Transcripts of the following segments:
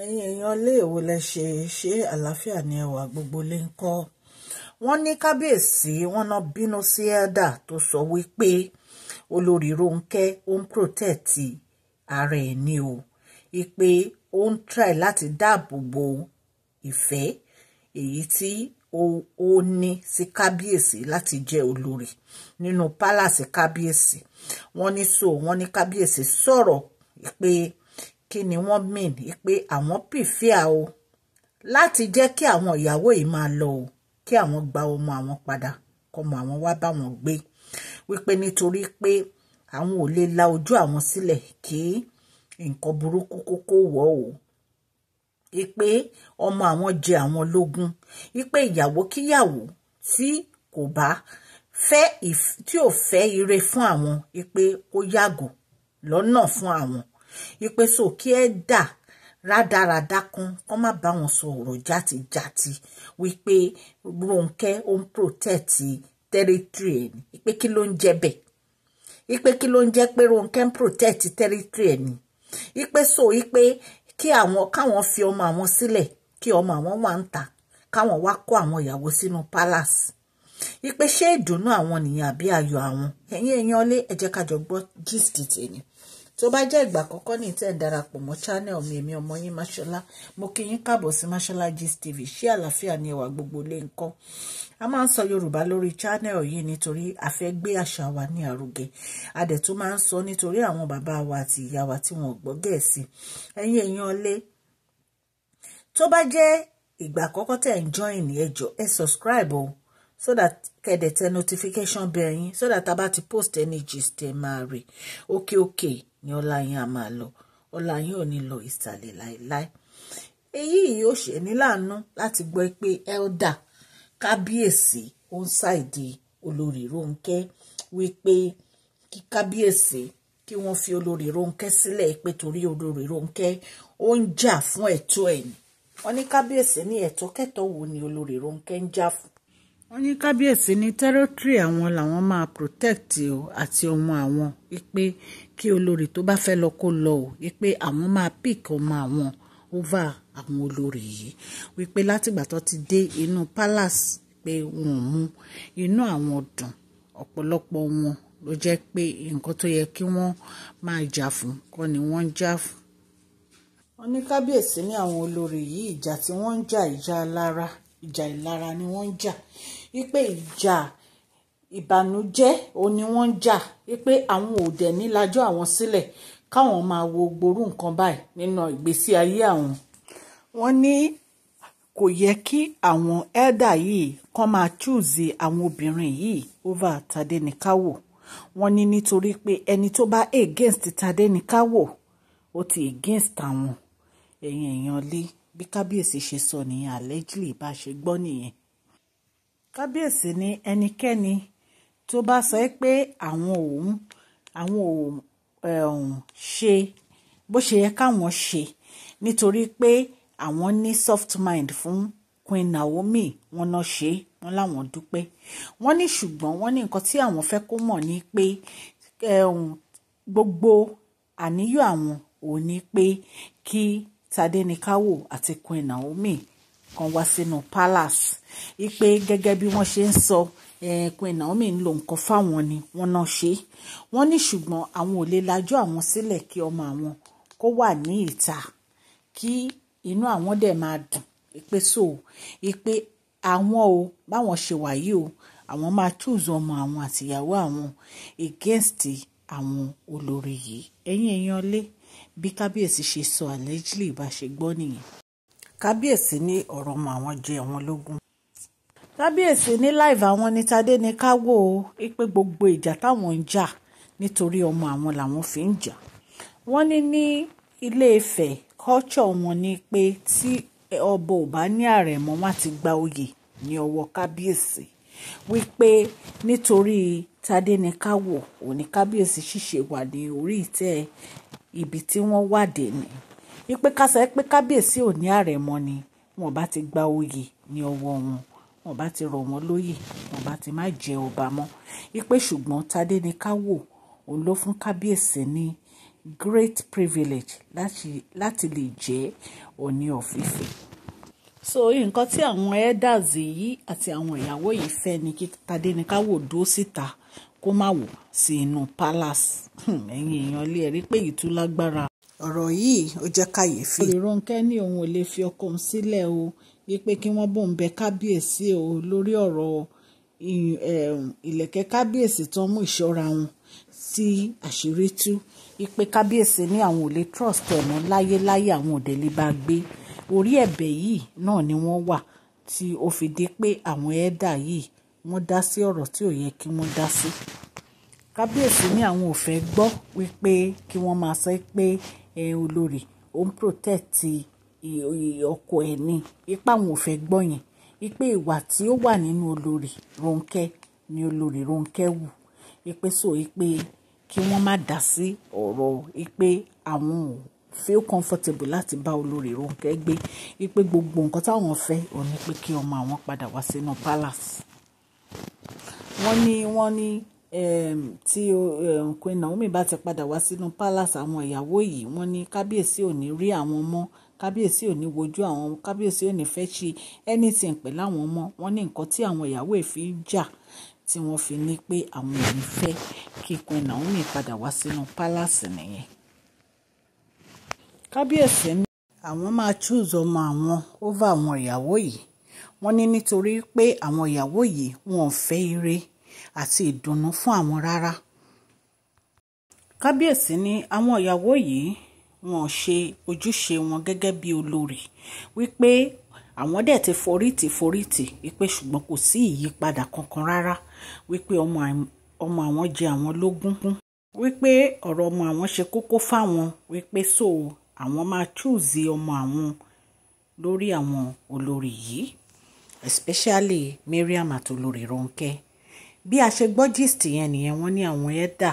ẹ̀yin èèyàn ilé èwo lẹ ṣe ṣe àlàáfíà ni ẹwà gbogbo lè ń kọ́ wọ́n ní kábíyèsí wọ́n náà bínú sí ẹ̀dà tó sọ wípé olórí Rónkẹ́ ó ń protẹ́tì ara ẹ̀ ní o ipe ó ń try láti dáàbò bo ìfẹ́ èyí tí ó ní sí kábíyèsí láti jẹ́ olórí nínú pálàsì kábíyèsí wọ́n ní so wọ́n ní kábíyèsí sọ̀rọ̀ pé. E kí ni wọ́n mean pé àwọn pìfíà o láti jẹ́ kí àwọn ìyàwó yìí máa lọ o kí àwọn gba ọmọ àwọn padà kọmọ àwọn wá bá wọn gbé wípé nítorí pé àwọn ò lè la ojú àwọn sílẹ̀ kí nǹkan burúkú kókó wọ̀ o ipe ọmọ àwọn jẹ àwọn lógún ipe ìyàwó kíyàwó tí kò bá fẹ́ tí ò fẹ́ ire fún àwọn ipe kó yàgò lọ́nà fún àwọn ipe so kí ẹ dà rádaràda kan kọ́ má bá wọn sọ ọ̀rọ̀ játijàti wípé Ronke ó protect territory ẹ̀ ní ipe kí ló ń jẹ́ bẹ́ẹ̀ ipe kí ló ń jẹ́ pé Ronke ń protect territory ẹ̀ ní ipe so ipe kí àwọn káwọn fi ọmọ àwọn sílẹ̀ kí ọmọ àwọn wà ń ta káwọn wá kó àwọn ìyàwó sínú palace ipe ṣé ìdùnnú àwọn nìyẹn àbí ayọ̀ àwọn ẹ̀yin èèyàn lé ẹ jẹ́ ká gist tèmi tó bá jẹ́ ìgbà àkọ́kọ́ ní ìtẹ́ ìdarapọ̀ mọ́ channel mi èmi ọmọ yín Máṣọlá mo kí yín káàbọ̀ sí Máṣọlá Gist TV ṣé àlàáfíà ni ẹwà gbogbo lè ń kọ́ a máa ń sọ Yorùbá lórí channel yìí nítorí a fẹ́ gbé àṣà wa ní àrùgẹ a dẹ̀ tún máa ń sọ nítorí àwọn bàbá wa àti ìyá wa tí wọn gbọ́ Gẹ̀ẹ́sì ẹ̀yin èèyàn lé tó bá jẹ́ ìgbà àkọ́kọ́ tẹ̀ ń join ẹjọ́ ẹ subscribe o so that kẹ̀dẹ̀ tẹ notification bell yín so that tá a bá ti post any gist ẹ máa rí òkè òkè ni ọlá yín á máa lọ ọlá yín ò ní lọ ìsàlẹ̀ láéláé èyí yìí ó ṣe ní láàánú láti gbọ́ pé elder kábíyèsí ó ń ṣàìdí olórí Rónkẹ́ wípé kí kábíyèsí kí wọ́n fi olórí Rónkẹ́ sílẹ̀ pé torí olórí Rónkẹ́ ó ń jà fún ẹ̀tọ́ ẹ̀ ni wọ́n ní kábíyèsí ní ẹ̀tọ́ kẹ́tọ́ wo ni olórí Rónkẹ́ ń jà fún wọ́n ní kábíyèsí ní tẹ́rọ́tírì àwọn làwọn máa protẹ́kìtì o àti ọmọ àwọn wípé kí olórí tó bá fẹ́ lọ kó lọ o wípé àwọn máa pík ọmọ àwọn over àwọn olórí yìí wípé látìgbà tó ti dé inú palace pé wọn ò mú inú àwọn dùn ọ̀pọ̀lọpọ̀ wọn ló jẹ́ pé nǹkan tó yẹ kí wọ́n máa jà fún kọ́ ni wọ́n ń jà fún. wọ́n ní kábíyèsí ní àwọn olórí yìí ìjà tí wọ́n ń jà ìjà alára ìjà ìlara ni wọ́n ń jà wípé ìjà ìbànújẹ́ òun ni wọ́n ń jà wípé àwọn ò dẹ̀ ní lájọ́ àwọn sílẹ̀ káwọn máa wo gboru nǹkan báyìí nínú ìgbésí ayé àwọn. wọ́n ní kò yẹ kí àwọn elder yìí kàn máa chúùzì àwọn obìnrin yìí over Tadenikawo wọ́n ní nítorí pé ẹni tó bá against Tadenikawo ó ti against àwọn ẹ̀yin èèyàn lé bí kábíyèsí ṣe sọ nìyẹn allegedly bá ṣe gbọ́ nìyẹn kábíyèsí ní ẹnikẹ́ni tó bá sọ pé àwọn òun àwọn òun um, ṣe bó ṣe yẹ káwọn ṣe nítorí pé àwọn ní soft mind fún Queen Naomi wọn náà ṣe wọn láwọn dúpẹ́ wọn ní ṣùgbọ́n wọn ní nǹkan tí àwọn fẹ́ kó mọ̀ ni pé um, gbogbo àníyàn àwọn òun ni pé kí Tadé Nikawo àti Queen Naomi kan wá sínú palace ipe gẹ́gẹ́ bí wọ́n ṣe ń sọ Queen Naomi ń lo nǹkan fáwọn ni wọ́n náà ṣe wọ́n ní ṣùgbọ́n àwọn ò lè lajú àwọn sílẹ̀ kí ọmọ àwọn kó wà ní ìta kí inú àwọn dẹ̀ máa dùn ipe so ipe àwọn o báwọn ṣe wà yìí o àwọn máa choose ọmọ àwọn àtìyàwó àwọn against àwọn olórí yìí ẹ̀yin èèyàn lé bí kábíyèsí ṣe sọ allegedly bá ṣe gbọ́ nìyẹn kábíyèsí ní ọ̀rọ̀ ọmọ àwọn jẹ àwọn lógún kábíyèsí ní láìva àwọn ní tadé ní káwó o pé gbogbo ìjà táwọn ń jà nítorí ọmọ àwọn làwọn fi ń jà wọ́n ní ní Ilé-Ifẹ̀ culture wọn ni pé tí ọba ò bá ní àrẹ̀mọ wọ́n ti gba oyè ní ọwọ́ kábíyèsí wípé nítorí tadénikáwò òní kábíyèsí ṣìṣe wà ní orí ìtẹ́ ibi tí wọ́n wà dé ni. Kawo, ipe kásá pé kábíyèsí ò ní àrẹ̀mọ ni wọn bá ti gba oyè ní ọwọ́ wọn wọn bá ti rọ̀ wọ́n lóyè wọn bá ti má jẹ ọba mọ́ ipe ṣùgbọ́n tadé ni ká wò òun ló fún kábíyèsí ní great privilege láti láti lè jẹ́ Ọọ̀ni of so nǹkan tí àwọn elders yìí àti àwọn ìyàwó yìí fẹ́ ni kí Tadéníkàwò dúró síta kó má wò sí inú palace hmm, ẹ̀yin èèyàn ilé ẹ̀ pé ìtú lágbára ọ̀rọ̀ yìí ó jẹ́ kàyéfì. Ronkẹ́ ní òun ò lè fi ọkọ òun sílẹ̀ o wípé kí wọ́n bóun bẹ kábíyèsí o lórí ọ̀rọ̀ ìlẹ̀kẹ̀ kábíyèsí tó ń mú ìṣọ́ra wọn sí àṣírí tú wípé kábíyèsí ní àwọn ò lè trust ẹ̀ mọ́ láyéláyé àwọn òde lè bá gbé orí ẹ̀bẹ̀ yìí náà ni wọ́n wà tí ó fi di pé àwọn ẹ̀dà yìí wọ́n dá sí ọ̀rọ̀ tí ò yẹ kí wọ́n dá sí kábíyèsí ní àwọn ò fẹ́ gbọ́ wípé kí wọ́n máa sọ pé olórí ó ń protect ọkọ ẹ̀ ní ipá àwọn ò fẹ́ gbọ́ yẹn ipe ìwà tí ó wà nínú olórí Ronke ni olórí Ronke wù ipe so ipe kí wọ́n má dá sí ọ̀rọ̀ ipe àwọn ò feel comfortable láti bá olórí Ronke gbé ipe gbogbo nǹkan táwọn fẹ́ òun ni pé kí ọmọ àwọn padà wá sínú palace wọ́n ní wọ́n ní um, tí um, Queen Naomi bá ti padà wá sínú palace àwọn ìyàwó yìí wọ́n ní kábíyèsí ò ní rí àwọn ọmọ kábíyèsí ò ní wojú àwọn kábíyèsí ò ní fẹ́ ṣe anything pẹ̀lú àwọn ọmọ wọ́n ní nǹkan tí àwọn ìyàwó èéfín jà tí wọ́n fi ní pé àwọn ò ní fẹ́ kí Queen Naomi padà wá sínú palace nìyẹn kábíyèsí ní àwọn máa choose ọmọ àwọn over àwọn ìyàwó yìí wọ́n ní nítorí pé àwọn ìyàwó yìí wọn fẹ́ ire àti ìdùnnú fún àwọn rárá kábíyèsí ni àwọn ìyàwó yìí wọn ò ṣe ojúṣe wọn gẹ́gẹ́ bí olórí wípé àwọn dẹ̀ ti forítì forítì wípé ṣùgbọ́n kò sí ìyípadà kankan rárá wípé ọmọ àwọn jẹ àwọn lógún wípé ọ̀rọ̀ ọmọ àwọn ṣe kókó fáwọn wípé so àwọn máa chúùsì ọmọ àwọn lórí àwọn olórí yìí especially Mariam àti olórí Ronke bí a ṣe gbọ́ gist yẹn nìyẹn wọ́n ní àwọn ẹ̀dà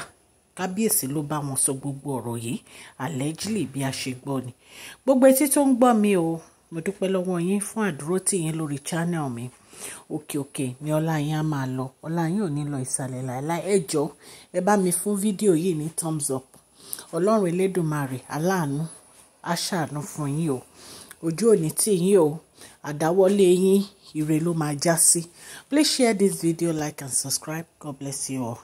kábíyèsí ló bá wọn sọ gbogbo ọ̀rọ̀ yìí allegedly bí a ṣe gbọ́ ni gbogbo etí tó ń gbọ́ mi o mo dúpẹ́ lọ́wọ́ yín fún àdúrótì yín lórí channel mi òkè òkè ni ọlá yín á máa lọ ọlá yín ò ní lọ ìsàlẹ̀ láìláì ẹ jọ̀ọ́ ẹ bá mi fún fídíò yìí ní thumbs up ọlọ́run elédùnmarè aláàánú á ṣàánú fún yín o ojú òní tì yín o àdáwọ́lé yín ire ló máa já sí please share this video like and subscribe god bless you all.